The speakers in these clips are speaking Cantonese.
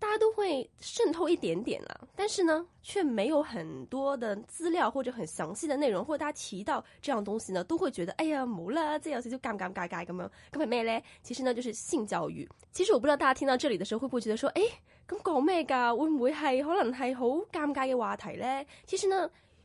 大家都會滲透一點點了、啊，但是呢，卻沒有很多的資料或者很詳細的內容。或者大家提到這樣東西呢，都會覺得，哎呀，冇啦，這樣子就尷不尷尬？咁樣咁係咩咧？其實呢，就是性教育。其實我不知道大家聽到這裏的時候，會不會覺得說，哎，咁講咩噶？會唔會係可能係好尷尬嘅話題咧？其實呢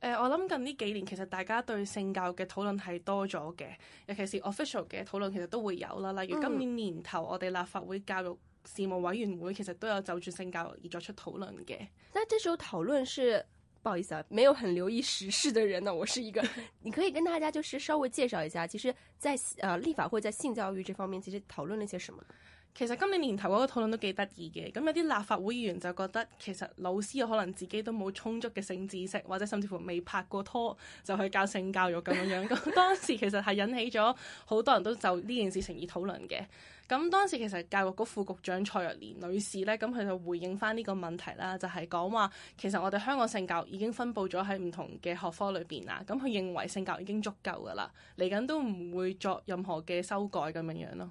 誒、呃，我諗近呢幾年其實大家對性教育嘅討論係多咗嘅，尤其是 official 嘅討論其實都會有啦。例如今年年頭，我哋立法會教育事務委員會、嗯、其實都有就住性教育而作出討論嘅。那這時候討論是，不好意思啊，沒有很留意時事的人啊，我是一個。 你可以跟大家就是稍微介紹一下，其實在誒、呃、立法會在性教育這方面，其實討論了一些什麼。其實今年年頭嗰個討論都幾得意嘅，咁有啲立法會議員就覺得其實老師可能自己都冇充足嘅性知識，或者甚至乎未拍過拖就去教性教育咁樣。咁 當時其實係引起咗好多人都就呢件事情而討論嘅。咁當時其實教育局副局長蔡若蓮女士呢，咁佢就回應返呢個問題啦，就係講話其實我哋香港性教育已經分佈咗喺唔同嘅學科裏邊啦。咁佢認為性教育已經足夠噶啦，嚟緊都唔會作任何嘅修改咁樣樣咯。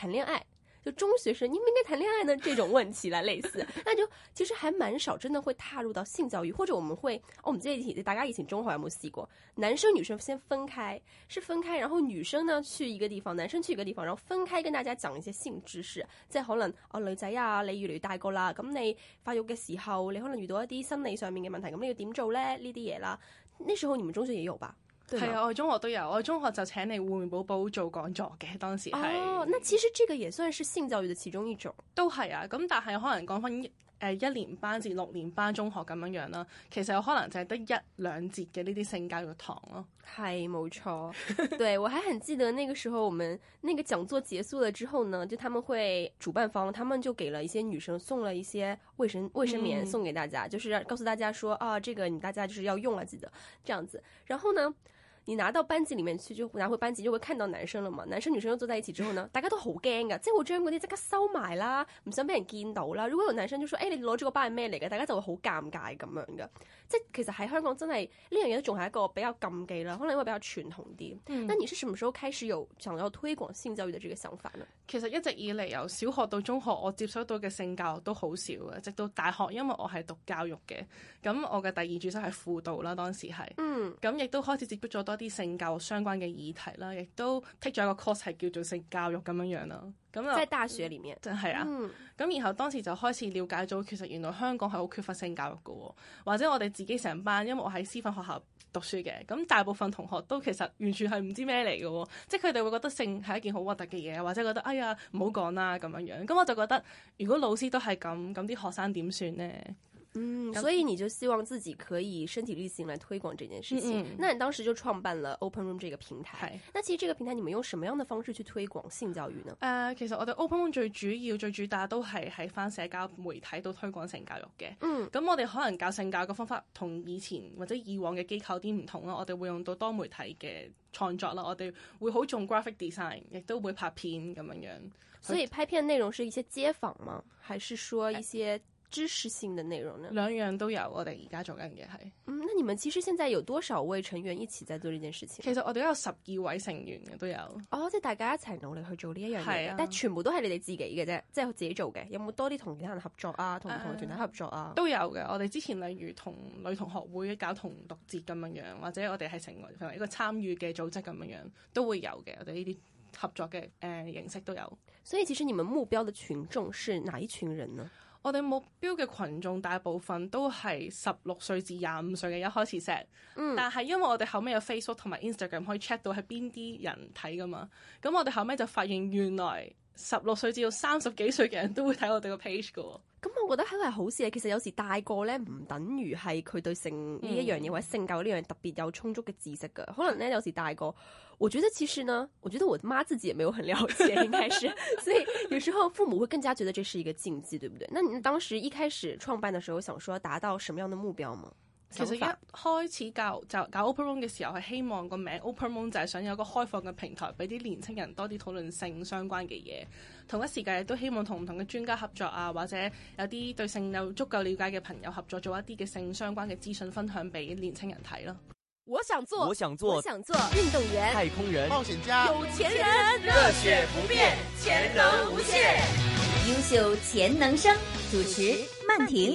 談戀愛，就中學生你們應該談戀愛呢？這種問題啦， 類似，那就其實還蠻少，真的會踏入到性教育，或者我們會，我們這一題大家以前中學有冇試過？男生女生先分開，是分開，然後女生呢去一個地方，男生去一個地方，然後分開跟大家講一些性知識，即係可能哦，女仔啊，你越嚟越大個啦，咁你發育嘅時候，你可能遇到一啲心理上面嘅問題，咁你要點做咧？呢啲嘢啦，那時候你們中學也有吧？係啊，我喺中學都有，我喺中學就請你海綿寶寶做講座嘅，當時係。哦，oh, 那其實這個也算是性教育嘅其中一種。都係啊，咁但係可能講翻誒一年班至六年班中學咁樣樣啦，其實有可能就係得一兩節嘅呢啲性教育堂咯。係冇錯，錯 對我還很記得那個時候，我們那個講座結束了之後呢，就他們會主辦方，他們就給了一些女生送了一些衛生衛生棉送給大家，嗯、就是告訴大家說啊，這個你大家就是要用啊，記得這樣子。然後呢？你拿到班級裡面去，就拿回班級就會看到男生了嘛？男生女生都坐在一起之後呢，大家都好驚噶，即係會將嗰啲即刻收埋啦，唔想俾人見到啦。如果有男生就說，誒、欸，你攞咗個包係咩嚟嘅？大家就會好尷尬咁樣噶。即係其實喺香港真係呢樣嘢都仲係一個比較禁忌啦，可能因為比較傳統啲。嗯、但咁你是什麼時候開始有想要推廣性教育的這個想法呢？其實一直以嚟由小學到中學，我接收到嘅性教育都好少嘅，直到大學，因為我係讀教育嘅，咁我嘅第二主修係輔導啦，當時係，嗯，咁亦都開始接觸咗多。啲性教育相關嘅議題啦，亦都 take 咗一個 course 係叫做性教育咁樣樣咯。咁、嗯、啊，即係大學裡面。真係啊，咁然後當時就開始了解咗，其實原來香港係好缺乏性教育嘅，或者我哋自己成班，因為我喺師範學校讀書嘅，咁大部分同學都其實完全係唔知咩嚟嘅，即係佢哋會覺得性係一件好核突嘅嘢，或者覺得，哎呀，唔好講啦咁樣樣。咁我就覺得，如果老師都係咁，咁啲學生點算呢？嗯，所以你就希望自己可以身體力行來推廣這件事情。嗯嗯、那你當時就創辦了 Open Room 這個平台。對那其實這個平台你們用什麼樣的方式去推廣性教育呢？誒、呃，其實我哋 Open Room 最主要、最主打都係喺返社交媒體度推廣性教育嘅。嗯，咁我哋可能教性教育嘅方法同以前或者以往嘅機構啲唔同啦，我哋會用到多媒體嘅創作啦，我哋會好重 graphic design，亦都會拍片咁樣樣。所以拍片內容是一些街訪嗎？還是說一些？知識性嘅內容呢？兩樣都有，我哋而家做緊嘅係。嗯，那你們其實現在有多少位成員一起在做呢件事情？其實我哋都有十二位成員嘅都有。哦，即係大家一齊努力去做呢一樣嘢，啊、但全部都係你哋自己嘅啫，即係自己做嘅。有冇多啲同其、啊啊、其他人合作啊？同同學團體合作啊？都有嘅。我哋之前例如同女同學會搞同讀節咁樣樣，或者我哋係成為一個參與嘅組織咁樣樣，都會有嘅。我哋呢啲合作嘅誒、呃、形式都有。所以其實你們目標嘅群眾是哪一群人呢？我哋目標嘅群眾大部分都係十六歲至廿五歲嘅，一開始 set，嗯、但係因為我哋後尾有 Facebook 同埋 Instagram 可以 check 到係邊啲人睇㗎嘛，咁我哋後尾就發現原來十六歲至到三十幾歲嘅人都會睇我哋個 page 㗎。咁我、嗯嗯、覺得係一個好事啊！其實有時大個咧唔等於係佢對性呢一樣嘢或者性教育呢樣特別有充足嘅知識嘅，可能咧有時大個，我覺得其實呢，我覺得我媽自己也沒有很了解，應該是，所以有時候父母會更加覺得這是一個禁忌，對唔對？那你當時一開始創辦嘅時候，想說達到什麼樣嘅目標嗎？其實一開始搞就搞 Open Moon 嘅時候係希望個名 Open Moon 就係想有個開放嘅平台，俾啲年輕人多啲討論性相關嘅嘢。同一時間都希望同唔同嘅專家合作啊，或者有啲對性有足夠了解嘅朋友合作，做一啲嘅性相關嘅資訊分享俾年輕人睇咯。我想做，我想做，我想做運動員、太空人、冒險家、有錢人、熱血不變、潛能無限、優秀潛能生。主持曼婷。停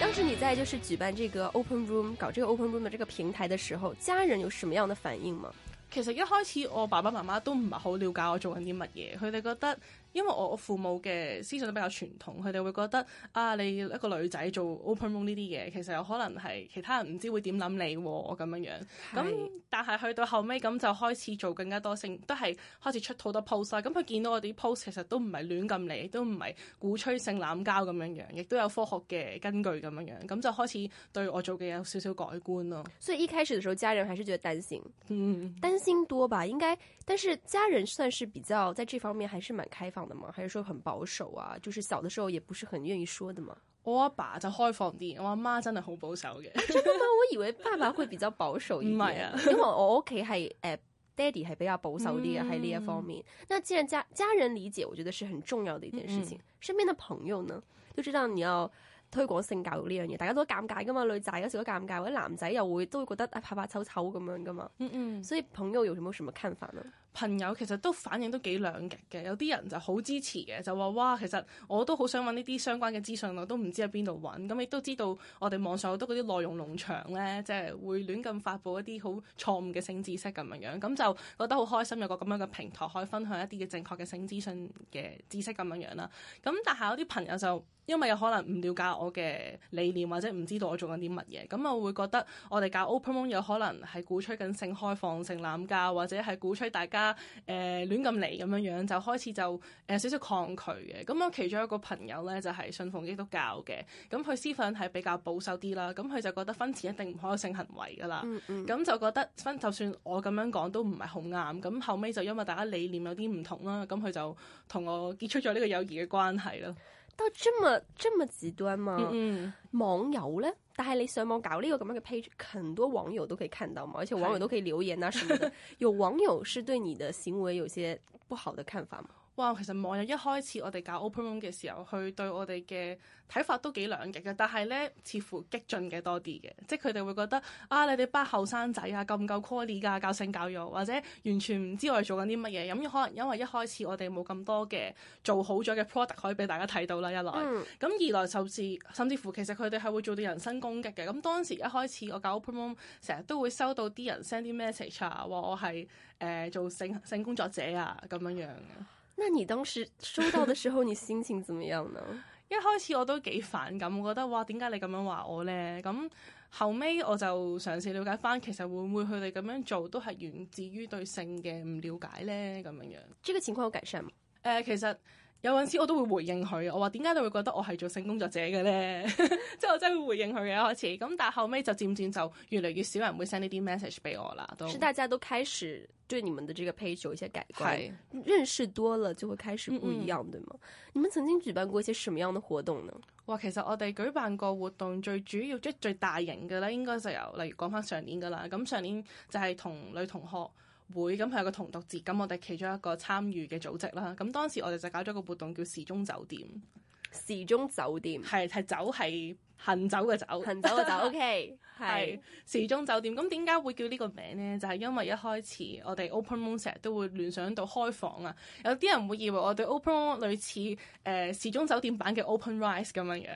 當時你在就是舉辦這個 Open Room、搞這個 Open Room 的這個平台的時候，家人有什麼樣的反應嗎？其實一開始我爸爸媽媽都唔係好了解我做緊啲乜嘢，佢哋覺得。因為我我父母嘅思想都比較傳統，佢哋會覺得啊，你一個女仔做 open mon 呢啲嘢，其實有可能係其他人唔知會點諗你咁，啊，樣樣。咁是但係去到後尾咁就開始做更加多性，都係開始出好多 post 啦。咁佢見到我啲 post 其實都唔係亂咁嚟，都唔係鼓吹性濫交咁樣樣，亦都有科學嘅根據咁樣樣。咁就開始對我做嘅有少少改觀咯。所以一 c 始嘅 h 候，家 o u r n a l 還是覺得擔心，嗯，擔心多吧，應該。但是家人算是比較在這方面還是蠻開放的嘛？還是說很保守啊？就是小的時候也不是很願意說的嘛。我爸，爸就開放點，我阿媽真係好保守嘅。真的嗎？ 我以為爸爸會比較保守一點，唔係、啊、因為我屋企係誒，爹地係比較保守啲嘅喺呢一、 嗯、方面。那既然家家人理解，我覺得是很重要的一件事情。嗯、身邊的朋友呢，就知道你要。推廣性教育呢樣嘢，大家都尷尬噶嘛，女仔有時都尷尬，或者男仔又會都會覺得啊怕怕醜醜咁樣噶嘛，嗯嗯，所以朋友有冇咩睇法啊？朋友其實都反應都幾兩極嘅。有啲人就好支持嘅，就話哇，其實我都好想揾呢啲相關嘅資訊，我都唔知喺邊度揾，咁亦都知道我哋網上好多嗰啲內容農場咧，即係會亂咁發布一啲好錯誤嘅性知識咁樣樣，咁就覺得好開心有個咁樣嘅平台可以分享一啲嘅正確嘅性資訊嘅知識咁樣樣啦，咁但係有啲朋友就。因為有可能唔了解我嘅理念，或者唔知道我做緊啲乜嘢，咁我會覺得我哋搞 open mon 有可能係鼓吹緊性開放、性濫交，或者係鼓吹大家誒、呃、亂咁嚟咁樣樣，就開始就誒、呃、少少抗拒嘅。咁我其中一個朋友呢，就係、是、信奉基督教嘅，咁佢思想係比較保守啲啦，咁佢就覺得婚前一定唔可以性行為噶啦，咁、嗯嗯、就覺得婚就算我咁樣講都唔係好啱。咁後尾就因為大家理念有啲唔同啦，咁佢就同我結束咗呢個友誼嘅關係囉。到這麼這麼極端嗎？嗯嗯。網友呢？但係你上網搞呢個咁樣嘅 page，很多網友都可以看到嘛，而且網友都可以留言啊，什麼的。 有網友是對你的行為有些不好的看法嗎？哇，其實網友一開始我哋搞 Open Room 嘅時候，佢對我哋嘅睇法都幾兩極嘅，但係咧似乎激進嘅多啲嘅，即係佢哋會覺得啊，你哋班後生仔啊，夠唔夠 quali 㗎？教性教育或者完全唔知我哋做緊啲乜嘢。咁可能因為一開始我哋冇咁多嘅做好咗嘅 product 可以俾大家睇到啦，一來咁、嗯、二來就是甚至乎其實佢哋係會做到人身攻擊嘅。咁當時一開始我搞 Open Room 成日都會收到啲人 send 啲 message 啊，話我係誒、呃、做性性工作者啊咁樣樣。那你當時收到的時候， 你心情怎麼樣呢？一開始我都幾反感，我覺得「哇，點解你咁樣話我呢？」咁後尾我就嘗試了解返，其實會唔會佢哋咁樣做都係源自於對性嘅唔了解呢？咁樣樣，呢個情況有改善嗎？誒、呃，其實。有陣時我都會回應佢，我話點解你會覺得我係做性工作者嘅咧？即 係我真係會回應佢嘅一開始。咁但係後尾就漸漸就越嚟越少人會 send 呢啲 message 俾我啦。都大家都開始對你們的呢個 page 有一些改觀，是認識多了就會開始不一樣，嗯、對嗎？你們曾經舉辦過一些什麼樣嘅活動呢？哇，其實我哋舉辦過活動最主要即係最大型嘅咧，應該就由例如講翻上年噶啦。咁上年就係同女同學。會咁佢有個同讀節，咁我哋其中一個參與嘅組織啦。咁當時我哋就搞咗個活動叫時鐘酒店，時鐘酒店係係走係行走嘅走，行走嘅走。OK，係時鐘酒店。咁點解會叫呢個名呢？就係、是、因為一開始我哋 Open Moon 成日都會聯想到開房啊。有啲人會以為我哋 Open Moon 類似誒、呃、時鐘酒店版嘅 OpenRice 咁樣樣。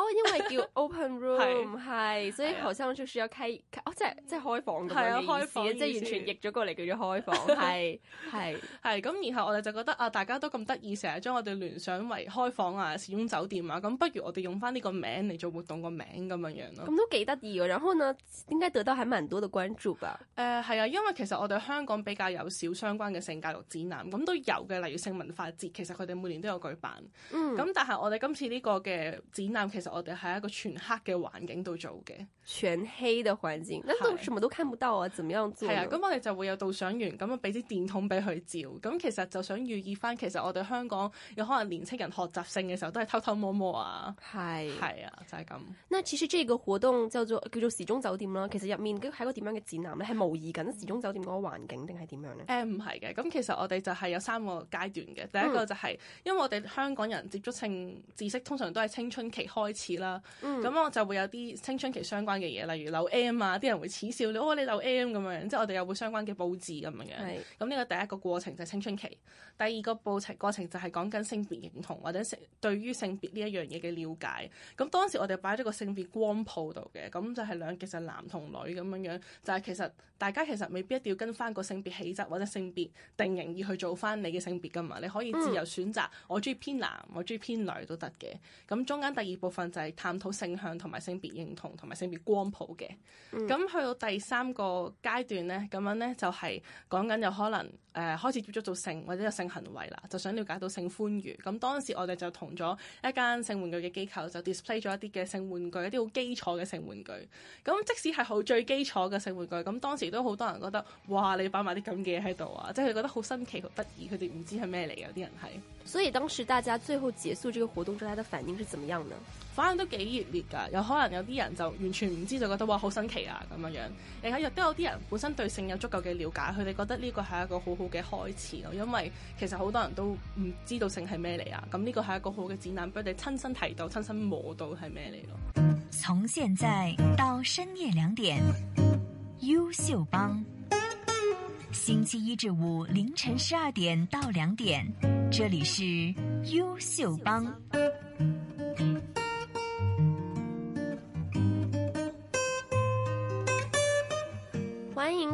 哦，因為叫 open room 係 是，所以頭先我仲輸咗開，啊、哦即係即係開房咁樣嘅意思，即係完全譯咗過嚟叫做開房，係係係。咁是是然後我哋就覺得啊，大家都咁得意，成日將我哋聯想為開房啊，時鐘酒店啊，咁不如我哋用翻呢個名嚟做活動個名咁樣樣咯。咁都幾得意喎！然後呢，應該得到還蠻多的關注吧？誒係、呃、啊，因為其實我哋香港比較有少相關嘅性教育展覽，咁都有嘅，例如性文化節，其實佢哋每年都有舉辦。嗯，咁但係我哋今次呢個嘅展覽其實。我哋喺一個全黑嘅環境度做嘅，全黑嘅環境，那都是什麼都看不到啊？怎麼樣做？係啊，咁我哋就會有導賞員咁樣，俾啲電筒俾佢照。咁其實就想寓意翻，其實我哋香港有可能年輕人學習性嘅時候都係偷偷摸摸啊。係係是啊，就係、是、咁。那呢個活動就做叫做時鐘酒店啦。其實入面嘅係一個點樣嘅展覽咧？係模擬緊時鐘酒店嗰個環境定係點樣咧？誒唔係嘅，咁其實我哋就係有三個階段嘅。第一個就係、是嗯、因為我哋香港人接觸性知識通常都係青春期開。似啦，咁、嗯、我就會有啲青春期相關嘅嘢，例如留 M 啊，啲人會恥笑你，哦你留 M 咁樣，即係我哋有會相關嘅布置咁樣樣。咁呢是個第一個過程就係青春期，第二個過程過程就係講緊性別認同或者對於性對於性別呢一樣嘢嘅了解。咁當時我哋擺咗個性別光譜度嘅，咁就係兩，其實男同女咁樣樣，就係、是、其實大家其實未必一定要跟翻個性別氣質或者性別定型而去做翻你嘅性別噶嘛，你可以自由選擇，嗯、我中意偏男，我中意偏女都得嘅。咁中間第二部分。就係探討性向同埋性別認同同埋性別光譜嘅，咁、嗯、去到第三個階段呢，咁樣呢，就係講緊有可能誒、呃、開始接觸到性或者有性行為啦，就想了解到性歡愉。咁當時我哋就同咗一間性玩具嘅機構就 display 咗一啲嘅性玩具，一啲好基礎嘅性玩具。咁即使係好最基礎嘅性玩具，咁當時都好多人覺得哇，你擺埋啲咁嘅嘢喺度啊，即、就、係、佢、覺得好新奇好得意，佢哋唔知係咩嚟有啲人係。所以當時大家最後結束這個活動之後，大家的反應是怎麼樣呢？反應都幾熱烈㗎，有可能有啲人就完全唔知道，就覺得哇好新奇啊咁樣樣。而家亦都有啲人本身對性有足夠嘅了解，佢哋覺得呢個係一個好好嘅開始咯，因為其實好多人都唔知道性係咩嚟啊。咁呢個係一個好嘅展覽，俾佢哋親身睇到、親身摸到係咩嚟咯。從現在到深夜兩點，優秀幫。星期一至五凌晨十二點到兩點，這裡是優秀幫。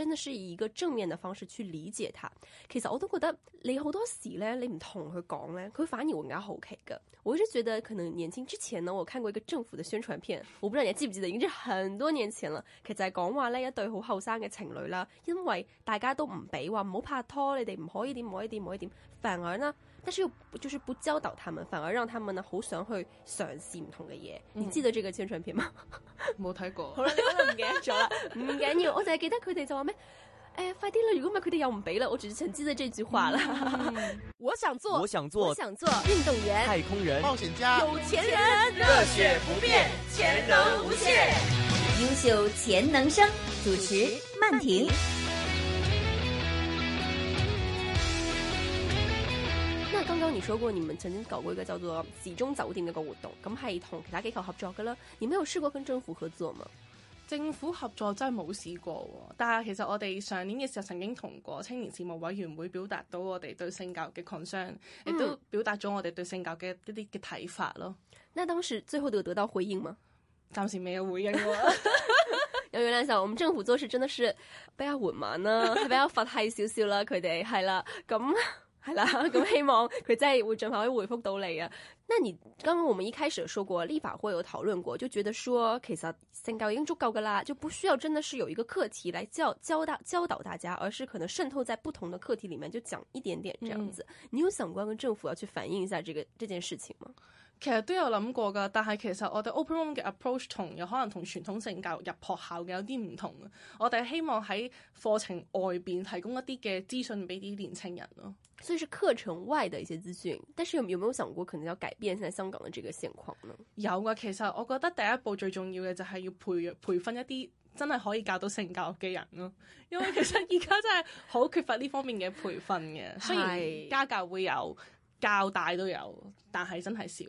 真的是以一個正面的方式去理解他。其實我都覺得你好多時呢，你唔同佢講呢，佢反而會更加好奇㗎。我一直覺得可能年輕之前呢，我看過一個政府的宣傳片，我不知道你記唔記得，已經很多年前啦。其實係講話呢，一對好後生嘅情侶啦，因為大家都唔俾話唔好拍拖，你哋唔可以點，唔可以點，唔可以點，反而呢。但是又就是不教導他們，反而讓他們呢好想去嘗試唔同嘅嘢。你記得這個宣傳片嗎？冇、嗯、睇過， 好啦，我唔記得咗，唔緊要，我就係記得佢哋就話咩？誒、哎，快啲啦！如果唔係，佢哋又唔俾啦。我只係曾記得這句話啦、嗯。我想做，我想做，我想做，我想做運動員、太空人、冒險家、有錢人、熱血不變、潛能無限、優秀潛能生。主持：曼婷。剛剛你說過，你們曾經搞過一個叫做“時鐘酒店”的個活動，咁係同其他機構合作噶啦。你沒有試過跟政府合作嗎？政府合作真係冇試過，但係其實我哋上年嘅時候曾經同過青年事務委員會表達到我哋對性教育嘅 concern，亦、嗯、都表達咗我哋對性教育嘅一啲嘅睇法咯。那當時最後都有得到回應嗎？暫時未有回應。有原諒下，我們政府做事真的是比較緩慢啦、啊，比較佛系少少啦，佢哋係啦咁。係啦，咁希望佢真係會盡快可以回覆到你啊。那你剛剛我們一開始說過立法會有討論過，就覺得說其實性教已經足夠噶啦，就不需要真的是有一個課題來教教大教導大家，而是可能滲透在不同的課題裏面就講一點點這樣子。嗯、你有想過跟政府要去反映一下這個這件事情嗎？其實都有諗過㗎，但係其實我哋 Open Room 嘅 approach 同有可能同傳統性教育入學校嘅有啲唔同。我哋希望喺課程外邊提供一啲嘅資訊俾啲年青人咯。所以是課程外的一些資訊。但是有沒有冇想過可能要改變現在香港的這個現況呢？有㗎，其實我覺得第一步最重要嘅就係要培養培訓一啲真係可以教到性教育嘅人咯。因為其實而家真係好缺乏呢方面嘅培訓嘅，雖然 家教會有。較大都有，但係真係少。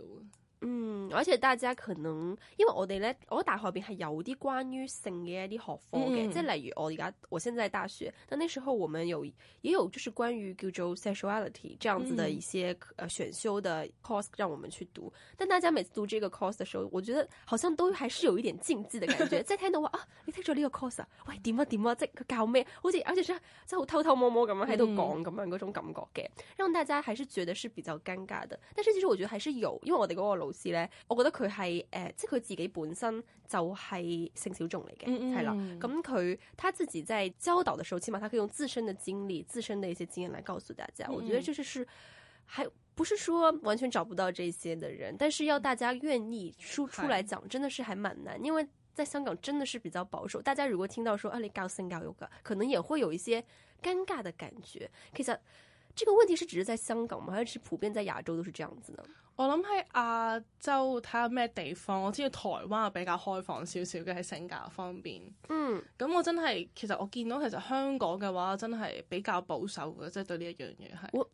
嗯，而且大家可能因為我哋咧，我大學入邊係有啲關於性嘅一啲學科嘅，即係、mm. 例如我而家我現在大學，但那時候我們有也有就是關於叫做 sexuality 這樣子的一些誒選修的 course 讓我們去讀，mm. 但大家每次讀這個 course 嘅時候，我覺得好像都還是有一點禁忌的感覺。即係聽到話啊，你聽咗呢個 course 啊，喂點啊點啊，即係佢教咩？好似，而且是即係偷偷摸摸咁樣喺度講咁樣種感覺嘅，讓大家還是覺得是比較尷尬的。但是其實我覺得還是有，因為我哋個老我覺得佢係誒，即係佢自己本身就係性小眾嚟嘅，係、嗯嗯、啦。咁佢，他自己在係周嘅就候，起萬，他可以用自身的經歷、自身的一些經驗嚟告訴大家。我覺得這就是，還不是說完全找不到這些嘅人，但是要大家願意輸出嚟講，嗯嗯來講真的是還蠻難。因為在香港真的是比較保守，大家如果聽到說啊你教 s i n 可能也會有一些尷尬嘅感覺。其以講，這個問題是只是在香港嘛，還是普遍在亞洲都是這樣子呢？我諗喺亞洲睇下咩地方，我知道台灣比較開放少少嘅喺性格方面。嗯，咁我真係其實我見到其實香港嘅話真係比較保守嘅，即係對呢一樣嘢係。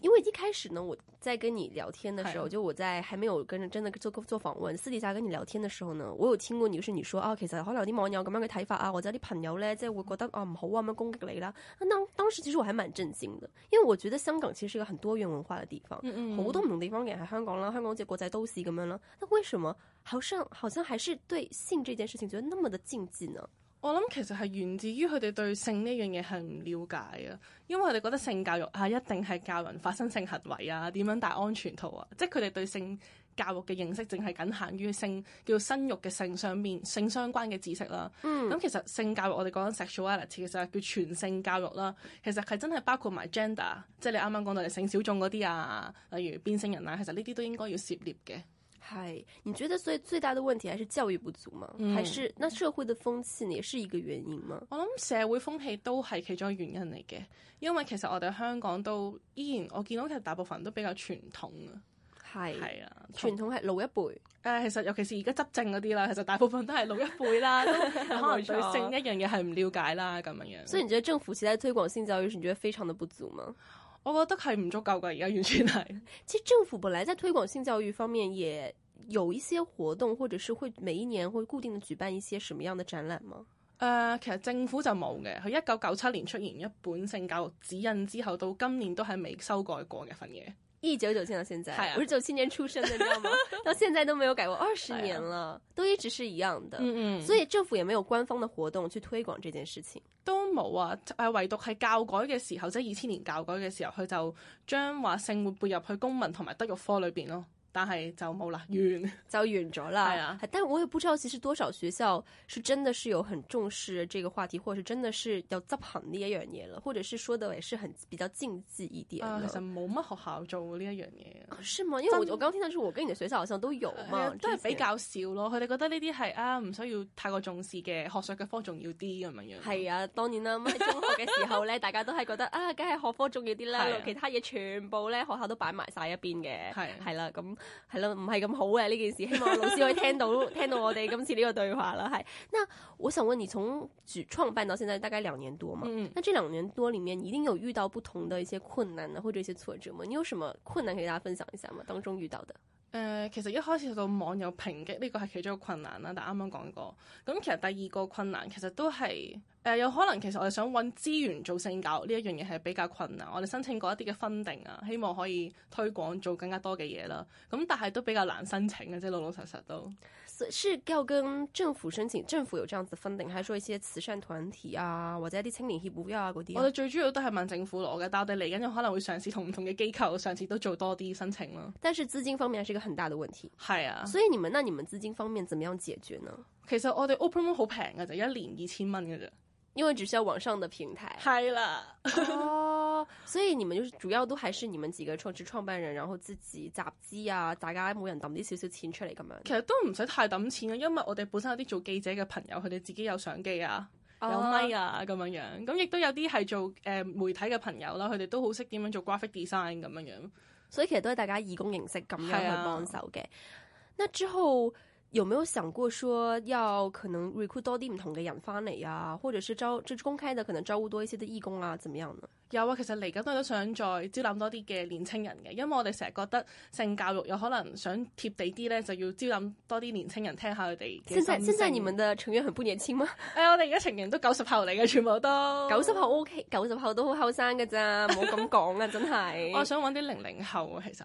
因為一開始呢，我在跟你聊天的時候，就我在還沒有跟人真的做做訪問，私底下跟你聊天的時候呢，我有聽過你就是你說啊，其實好，a 好像有啲網友咁樣嘅睇法啊，或者啲朋友呢，即係會覺得啊唔好啊咁樣攻擊你啦。那當時其實我還蠻震驚的，因為我覺得香港其實是一個很多元文化的地方，好多唔同地方嘅人喺香港啦，香港即係國際都市咁樣啦。那為什麼好像好像還是對性這件事情覺得那麼的禁忌呢？我諗其實係源自於佢哋對性呢樣嘢係唔了解啊，因為佢哋覺得性教育啊一定係教人發生性行為啊，點樣戴安全套啊，即係佢哋對性教育嘅認識淨係僅限於性叫做生育嘅性上面，性相關嘅知識啦。咁、嗯、其實性教育我哋講緊 sexuality 其實叫全性教育啦，其實係真係包括埋 gender，即係你啱啱講到嘅性小眾嗰啲啊，例如變性人啊，其實呢啲都應該要涉獵嘅。係，你覺得所以最大的問題還是教育不足嗎？嗯、還是那社會的風氣呢？也是一個原因嗎？我諗社會風氣都係其中一原因嚟嘅，因為其實我哋香港都依然我見到其實大部分都比較傳統是啊。係係啊，傳統係老一輩。誒、呃，其實尤其是而家執政嗰啲啦，其實大部分都係老一輩啦， 都可能對 性一樣嘢係唔了解啦咁樣樣。所以你覺得政府其實推廣性教育你覺得非常的不足嗎？我覺得係唔足夠噶，而家完全係。其實政府本來在推廣性教育方面也有一些活動，或者是會每一年會固定的舉辦一些什麼樣的展覽嗎？誒、呃，其實政府就冇嘅。佢一九九七年出現一本性教育指引之後，到今年都係未修改過嘅份嘢。一九九七年到現在，是啊、我係九七年出生的，你知道嗎？ 到現在都沒有改過，二十年了，啊、都一直是一樣的。嗯嗯，所以政府也沒有官方的活動去推廣這件事情。都冇啊，唯獨係教改嘅時候，即係二千年教改嘅時候，佢就將話性活撥入去公民同埋德育科裏邊咯。但係就冇啦，完就完咗啦。係啊，但我又不知道其實多少學校是真的是有很重視這個話題，或者真的是有執行呢一樣嘢啦，或者是說的也是很比較禁忌一點。其實冇乜學校做呢一樣嘢，因為我我剛聽到就我跟你的學校好像都有嘛，都比較少咯。佢哋覺得呢啲係啊唔需要太過重視嘅，學術嘅科重要啲咁樣樣。係啊，當然啦，喺中學嘅時候咧，大家都係覺得啊，梗係學科重要啲啦，其他嘢全部咧學校都擺埋晒一邊嘅，係啦咁。係咯，唔係咁好嘅、啊、呢件事，希望老師可以聽到 聽到我哋今次呢個對話啦。係，那我想問你，從舉創辦到現在，大概兩年多嘛？嗯，嗯，那這兩年多裏面，你一定有遇到不同的一些困難啊，或者一些挫折嗎？你有什麼困難可以大家分享一下嗎？當中遇到的。誒、呃，其實一開始受到網友抨擊呢，這個係其中一個困難啦，但啱啱講過。咁其實第二個困難其實都係誒、呃，有可能其實我哋想揾資源做性教育呢一樣嘢係比較困難。我哋申請過一啲嘅 funding 啊，希望可以推廣做更加多嘅嘢啦。咁但係都比較難申請嘅，即係老老實實都。是要跟政府申請，政府有這樣子 funding，還是說一些慈善團體啊，或者一啲青年協會啊嗰啲啊？我哋最主要都係問政府攞嘅。但係嚟緊就可能會嘗試同唔同嘅機構嘗試都做多啲申請咯。但是資金方面係一個很大的問題。係啊，所以你們，那你們資金方面怎麼樣解決呢？其實我哋 OpenMon 好平嘅，就一年二千蚊嘅啫。因為只需要網上嘅平台，係啦，哦 ，oh, 所以你們就主要都還是你們幾個創始創辦人，然後自己集資啊，大家每人抌啲少少錢出嚟咁樣。其實都唔使太抌錢啊。因為我哋本身有啲做記者嘅朋友，佢哋自己有相機啊，有咪啊，咁樣，oh. 樣。咁亦都有啲係做誒、呃、媒體嘅朋友啦，佢哋都好識點樣做 graphic design 咁樣樣。所以其實都係大家義工形式咁樣去幫手嘅。啊、那之後。有冇有想過說要可能 recruit 多啲唔同嘅人返嚟啊，或者是招，即係公開的可能招募多一些啲義工啊，怎麼樣呢？有、啊，我其實嚟緊都係都想再招攬多啲嘅年青人嘅，因為我哋成日覺得性教育有可能想貼地啲咧，就要招攬多啲年青人聽下佢哋。而家而家你哋嘅成員係咪好唔後生嘛？ 哎呀，我哋而家成員都九十後嚟嘅，全部都九十後 OK，九十後都好後生噶咋，唔好咁講啊， 真係的。我 想揾啲零零後啊，其實。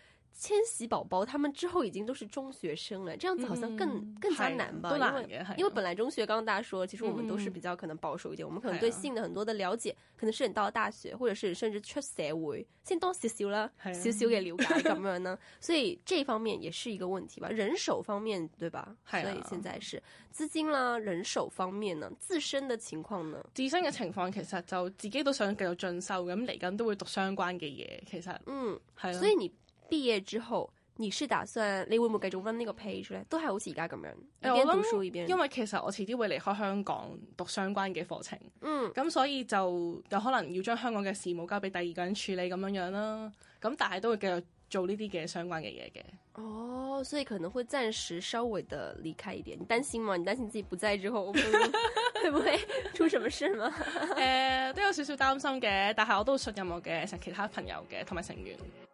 千禧寶寶，他們之後已經都是中學生了，這樣子好像更更加難吧？對吧？因為因為本來中學，剛剛大家說，其實我們都是比較可能保守一啲，我們可能對性嘅很多的了解，可能是你到了大學，或者是甚至出社會，先多少少啦，少少嘅了解咁樣呢，所以呢方面也是一個問題吧，人手方面對吧？所以現在是資金啦，人手方面呢，自身的情況呢，自身的情況其實就自己都想繼續進修咁嚟緊都會讀相關嘅嘢，其實嗯係，所以你。畢業之後，你是打算你會唔會繼續 run 呢個 page 咧？都係好似而家咁樣。欸、我諗，因為其實我遲啲會離開香港讀相關嘅課程，嗯，咁所以就有可能要將香港嘅事務交俾第二個人處理咁樣樣啦。咁但係都會繼續做呢啲嘅相關嘅嘢嘅。哦，所以可能會暫時稍微的離開一點。你擔心嗎？你擔心自己不在之後，會會不會出什麼事嗎？誒、 呃，都有少少擔心嘅，但係我都信任我嘅成其他朋友嘅同埋成員。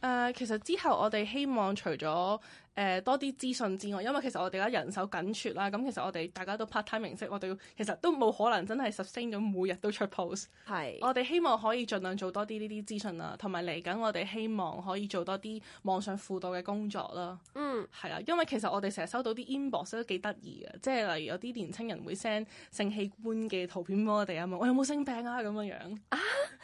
誒，其實之後我哋希望除咗誒多啲資訊之外，因為其實我哋而家人手緊缺啦，咁其實我哋大家都 part time 形式，我哋其實都冇可能真係 sustain 咁每日都出 post。係，我哋希望可以儘量做多啲呢啲資訊啦，同埋嚟緊我哋希望可以做多啲網上輔導嘅工作啦。嗯，係啊，因為其實我哋成日收到啲 inbox 都幾得意嘅，即係例如有啲年青人會 send 性器官嘅圖片俾我哋啊嘛，我有冇性病啊咁樣樣啊？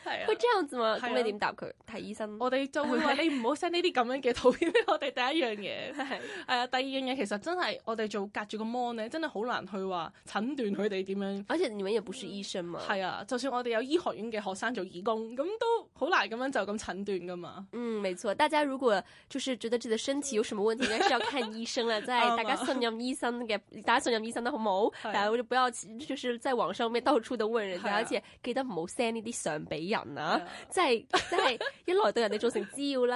係啊，佢之後就問你點答佢，睇醫生。我哋就會唔好 send 呢啲咁樣嘅圖片俾我哋。第一樣嘢係，係啊。第二樣嘢其實真係我哋做隔住個 mon 咧，真係好難去話診斷佢哋點樣。而且你們也不是醫生嘛。係啊，就算我哋有醫學院嘅學生做義工，咁都好難咁樣就咁診斷噶嘛。嗯，沒錯。大家如果就是覺得自己身體有什麼問題，應該是要看醫生啦。再大家信任醫生嘅，大家信任醫生都好唔好。然後就不要，就是在網上面到處都問人好似記得唔好 send 呢啲相俾人啊。即係即係一來對人哋造成滋擾啦。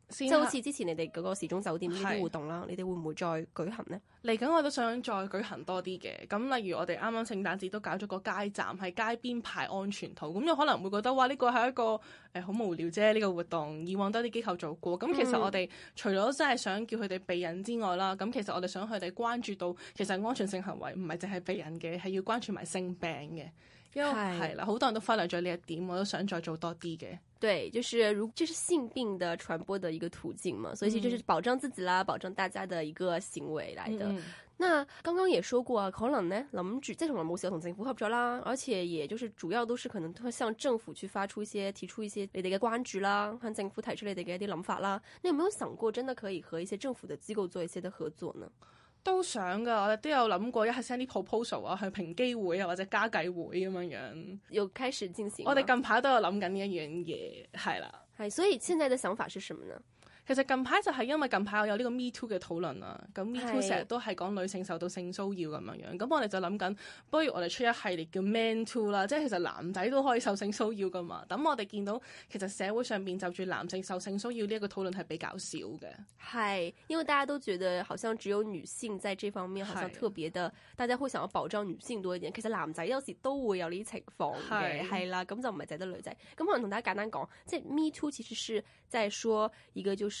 就好似之前你哋嗰個時鐘酒店呢啲活動啦，是你哋會唔會再舉行呢？嚟緊我都想再舉行多啲嘅。咁例如我哋啱啱聖誕節都搞咗個街站喺街邊派安全套，咁有可能會覺得哇呢、這個係一個誒好、欸、無聊啫。呢、這個活動以往都有啲機構做過，咁其實我哋除咗真係想叫佢哋避孕之外啦，咁、嗯、其實我哋想佢哋關注到其實安全性行為唔係淨係避孕嘅，係要關注埋性病嘅。係啦，好多人都忽略咗呢一點，我都想再做多啲嘅。 對，就是如，就是性病的傳播的一個途徑嘛，所以就是保障自己啦，嗯、保障大家的一個行為嚟嘅。嗯嗯。那剛剛也說過啊，可能呢，諗住再同我冇少同政府合作啦，而且也就是主要都是可能會向政府去發出一些提出一些你哋嘅關注啦，向政府提出你哋嘅一啲諗法啦。你有冇有想過，真的可以和一些政府嘅機構做一些的合作呢？都想噶，我哋都有諗過一係 send 啲 proposal 啊，去評機會啊，或者加計會咁樣樣。要開始進行。我哋近排都有諗緊呢一樣嘢，係啦。係， 係，所以現在嘅想法是什麼呢？其實近排就係因為近排我有呢個 Me Too 嘅討論啊。咁 Me Too 成日都係講女性受到性騷擾咁樣樣，咁是的 我哋就諗緊，不如我哋出一系列叫 Man Too 啦，即係其實男仔都可以受性騷擾噶嘛。咁我哋見到其實社會上邊就住男性受性騷擾呢一個討論係比較少嘅。係，因為大家都覺得好像只有女性在這方面，好像特別的，是的大家會想要保障女性多一點。其實男仔有時都會有呢啲情況嘅，係啦是的 的，咁就唔係淨係得女仔。咁可能同大家簡單講，即係 Me Too 其實是即係說一個就是。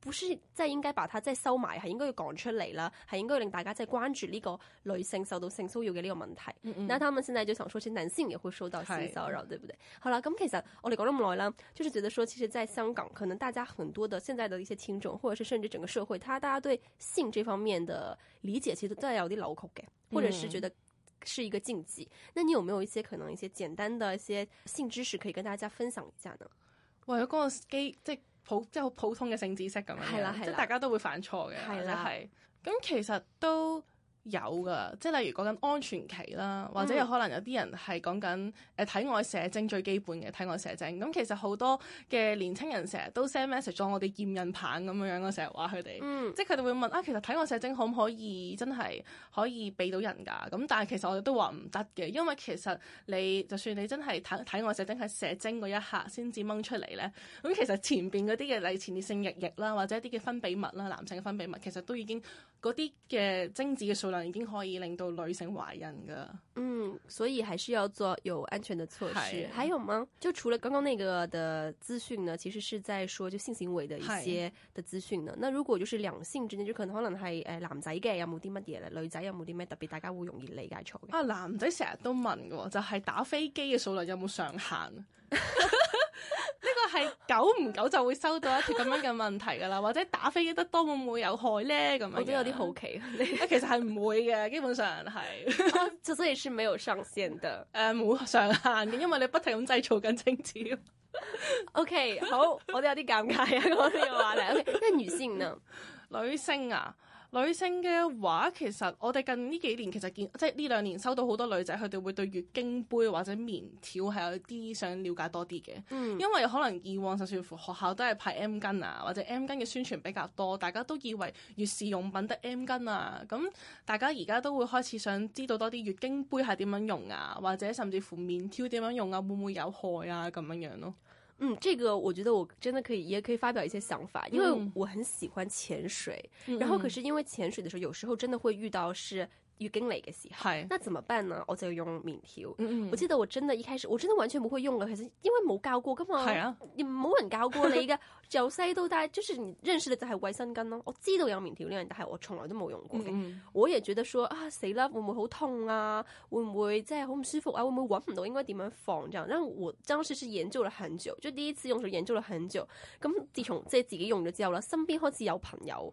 不是，再係應該把它再收埋，係應該要講出嚟啦，係應該令大家再係關注呢個女性受到性騷擾嘅呢個問題。嗯嗯那他們現在就想說，其實男性也會受到性騷擾，嗯、對不對？嗯、好了，咁其實我哋講咗咁耐啦，就是覺得說，其實在香港，可能大家很多的現在的一些聽眾，或者是甚至整個社會，他大家對性這方面的理解，其實都有啲扭曲嘅，或者是覺得是一個禁忌。嗯、那你有沒有一些可能一些簡單的一些性知識可以跟大家分享一下呢？為咗嗰個機即係。普即係好普通嘅性知識咁樣嘅，的即係大家都會犯錯嘅，係啦係，咁其實都，有㗎，即係例如講緊安全期啦，或者有可能有啲人係講緊誒體外射精最基本嘅體外射精。咁其實好多嘅年青人成日都 send message 裝我哋驗孕棒咁樣樣咯，我成日話佢哋，嗯、即係佢哋會問啊，其實體外射精可唔可以真係可以俾到人㗎？咁但係其實我哋都話唔得嘅，因為其實你就算你真係睇體外射精喺射精嗰一刻先至掹出嚟咧，咁其實前邊嗰啲嘅，例如前列腺液啦，或者一啲嘅分泌物啦，男性嘅分泌物，其實都已經嗰啲嘅精子嘅數量。已經可以令到女性懷孕㗎，嗯，所以還是要做有安全的措施。是還有嗎？就除了剛剛那個的資訊呢？其實是在說就性行為的一些的資訊呢。是那如果就是兩性之間就可能可能係誒男仔嘅有冇啲乜嘢咧，女仔有冇啲咩特別，大家會容易理解錯嘅。啊，男仔成日都問㗎，就係、是、打飛機嘅數量有冇上限？ 個係久唔久就會收到一啲咁樣嘅問題㗎啦，或者打飛機得多會唔會有害咧？咁我都有啲好奇。啊， 其實係唔會嘅，基本上係。就所以係沒有上限嘅。誒、呃，冇上限嘅，因為你不停咁製造緊清朝。 o、okay, K，好，我都有啲尷尬啊，我 okay, 呢個話題。因為女性啊，女性啊。女性嘅話，其實我哋近呢幾年其實見，即係呢兩年收到好多女仔，佢哋會對月經杯或者棉條係有啲想了解多啲嘅。嗯，因為可能以往甚至乎學校都係派 M 巾啊，或者 M 巾嘅宣傳比較多，大家都以為月事用品得 M 巾啊。咁大家而家都會開始想知道多啲月經杯係點樣用啊，或者甚至乎棉條點樣用啊，會唔會有害啊咁樣樣咯。嗯，這個我覺得我真的可以，也可以發表一些想法，因為我很喜歡潛水，嗯，然後可是因為潛水的時候，嗯嗯，有時候真的會遇到是。月經嚟嘅時候，係是，那怎麼辦呢？我就用棉條。嗯嗯，我知道我真的一開始，我真的完全唔會用嘅，其實因為冇教過噶嘛，係啊，冇人教過你噶。由細 到大，就算，是，認識嘅就係衛生巾咯，啊。我知道有棉條呢樣，但係我從來都冇用過嘅。嗯嗯，我也覺得說啊，死啦，會唔會好痛啊？會唔會即係好唔舒服啊？會唔會揾唔到應該點樣放這樣？因為我當時是研究了很久，就第一次用時研究了很久。咁自從即係自己用咗之後啦，身邊開始有朋友。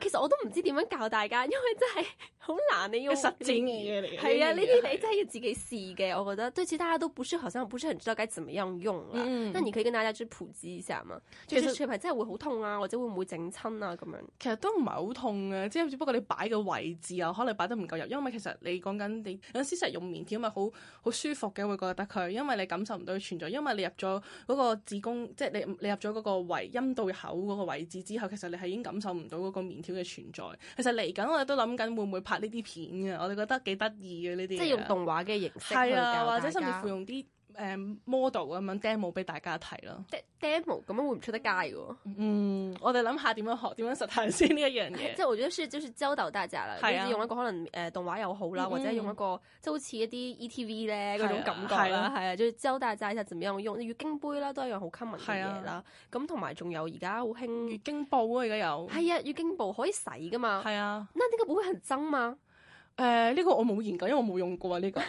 其實我都唔知點樣教大家，因為真係好難，你要實踐嘅嚟。係啊，呢啲你真係要自己試嘅，我覺得。的對此大家都補充求生，補充想知道該怎麼樣用啦。嗯。咁你可以跟大家去普及一下嘛。其實佢係實真係會好痛啊，或者會唔會整親啊咁樣？其實都唔係好痛啊。即係只不過你擺嘅位置啊，可能你擺得唔夠入。因為其實你講緊你有陣時實際用棉條咪好好舒服嘅，會覺得佢，因為你感受唔到佢存在，因為你入咗嗰個子宮，即係你你入咗嗰個胃，陰道口嗰個位置之後，其實你係已經感受唔到嗰個棉條嘅存在，其實嚟緊我哋都諗緊會唔會拍呢啲片嘅。我哋覺得幾得意嘅呢啲，即係用動畫嘅形式，係啊，或者甚至乎用啲。誒 model 咁樣 demo 俾大家睇咯，demo 咁樣會唔出得街嘅？嗯，我哋諗下點樣學，點樣實行先呢一樣嘢。即係我覺得是就是教導大家啦。係啊，用一個可能誒動畫又好啦，或者用一個即係好似一啲 ETV 咧嗰種感覺啦，係啊，就教大家一係點樣用月經杯啦，都係一樣好 common 嘅嘢啦。咁同埋仲有而家好興月經布啊，而家有係啊，月經布可以洗噶嘛？係啊，那點解會很髒嘛？誒，呢個我冇研究，因為我冇用過呢個。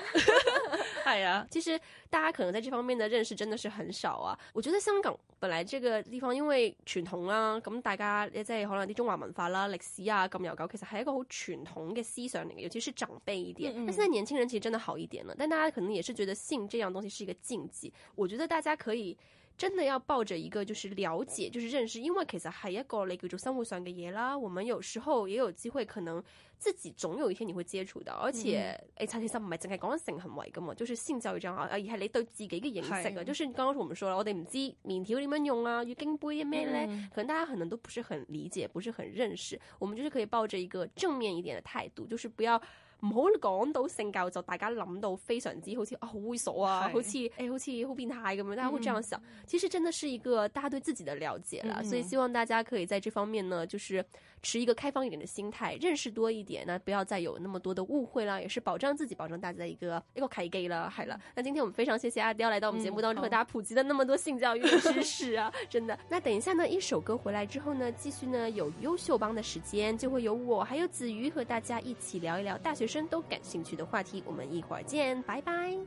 係啊，其實大家可能在這方面的認識真的是很少啊。我覺得香港本來這個地方，因為傳統啦、啊，咁大家即係可能啲中華文化啦、歷史啊咁悠久，其實係一個好傳統嘅思想嚟嘅，尤其是長輩一點。但係現在年輕人其實真的好一點啦，但大家可能也是覺得性這樣東西是一個禁忌。我覺得大家可以真的要抱着一個就是了解，就是認識，因為其實係一個你叫做生活上嘅嘢啦，我們有時候也有機會，可能自己總有一天你會接觸到，而且誒，餐廳唔係淨係講緊性行為咁嘛，就是。性教育這樣啊，而係你對自己嘅認識啊， 就是剛剛我們說了，我哋唔知棉條點樣用啊，月經杯咩咧，可能大家可能都不是很理解，不是很認識，我們就是可以抱着一個正面一點的態度，就是不要。唔好講到性教就大家諗到非常之好似啊好猥瑣啊，好似誒好似對、欸、好變態咁樣。大家會這樣想，嗯、其實真的是一個大家對自己的了解啦，嗯嗯所以希望大家可以在這方面呢，就是持一個開放一點的心態，認識多一點，那不要再有那麼多的誤會啦，也是保障自己、保障大家一個一個開 g 啦，係啦。嗯、那今天我們非常謝謝阿雕來到我們節目當中和、嗯、大家普及咗那麼多性教育的知識啊， 真的。那等一下呢一首歌回來之後呢，繼續呢有優秀幫的時間，就會有我還有子瑜和大家一起聊一聊大學。都感興趣的話題，我們一會兒見，拜拜。